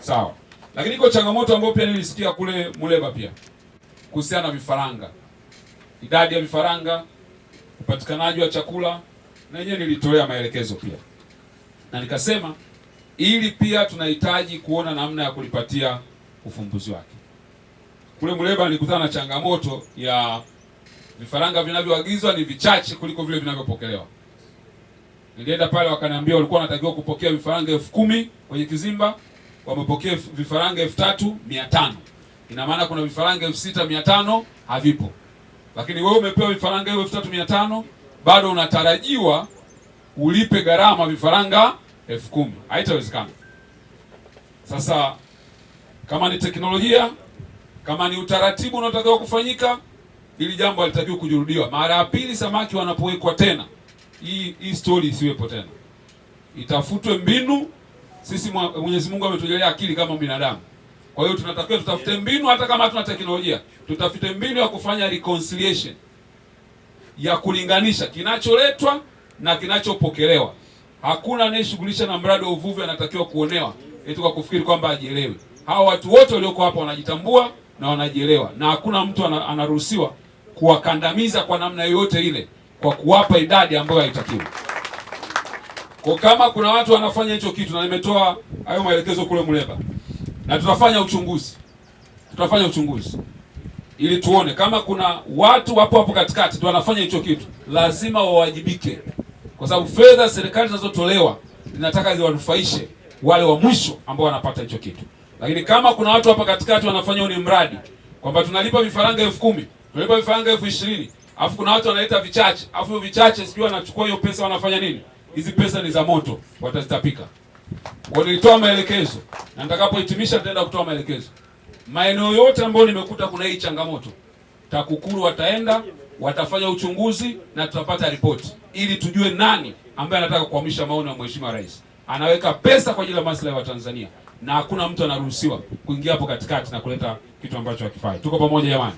sawa. Lakini iko changamoto ambayo pia nilisikia kule Muleba pia kuhusiana na vifaranga, idadi ya vifaranga, upatikanaji wa chakula, na yenyewe nilitolea maelekezo pia, na nikasema ili pia tunahitaji kuona namna ya kulipatia ufumbuzi wake. Kule Muleba nilikutana na changamoto ya vifaranga vinavyoagizwa ni vichache kuliko vile vinavyopokelewa. Nilienda pale, wakaniambia walikuwa wanatakiwa kupokea vifaranga elfu kumi kwenye kizimba wamepokea vifaranga elfu tatu mia tano ina maana kuna vifaranga elfu sita mia tano havipo, lakini wewe umepewa vifaranga hivyo elfu tatu mia tano bado unatarajiwa ulipe gharama vifaranga elfu kumi Haitawezekana. Sasa kama ni teknolojia, kama ni utaratibu unaotakiwa kufanyika, ili jambo halitakiwi kujirudiwa. Mara ya pili samaki wanapowekwa tena, hii hii stori isiwepo tena, itafutwe mbinu sisi Mwenyezi Mungu ametujalia akili kama binadamu, kwa hiyo tunatakiwa tutafute mbinu, hata kama hatuna teknolojia, tutafute mbinu ya kufanya reconciliation, ya kulinganisha kinacholetwa na kinachopokelewa. Hakuna anayeshughulisha na mradi wa uvuvi anatakiwa kuonewa eti kwa kufikiri kwamba ajielewe. Hawa watu wote walioko hapa wanajitambua na wanajielewa, na hakuna mtu anaruhusiwa kuwakandamiza kwa namna yoyote ile kwa kuwapa idadi ambayo haitakiwi. Kwa kama kuna watu wanafanya hicho kitu, na nimetoa hayo maelekezo kule Muleba, na tutafanya uchunguzi, tutafanya uchunguzi ili tuone kama kuna watu wapo hapo katikati ndio wanafanya hicho kitu, lazima wawajibike, kwa sababu fedha serikali zinazotolewa zinataka ziwanufaishe wale wa mwisho ambao wanapata hicho kitu. Lakini kama kuna watu hapa katikati wanafanya ni mradi kwamba tunalipa vifaranga elfu kumi tunalipa vifaranga elfu ishirini alafu kuna watu wanaleta vichache, afu hiyo vichache sijui wanachukua hiyo pesa wanafanya nini? hizi pesa ni za moto, watazitapika. Kwa nilitoa maelekezo na nitakapohitimisha nitaenda kutoa maelekezo. Maeneo yote ambayo nimekuta kuna hii changamoto, TAKUKURU wataenda watafanya uchunguzi na tutapata ripoti ili tujue nani ambaye anataka kuhamisha maono ya Mheshimiwa Rais. Anaweka pesa kwa ajili ya maslahi ya Watanzania na hakuna mtu anaruhusiwa kuingia hapo katikati na kuleta kitu ambacho hakifai. Tuko pamoja jamani?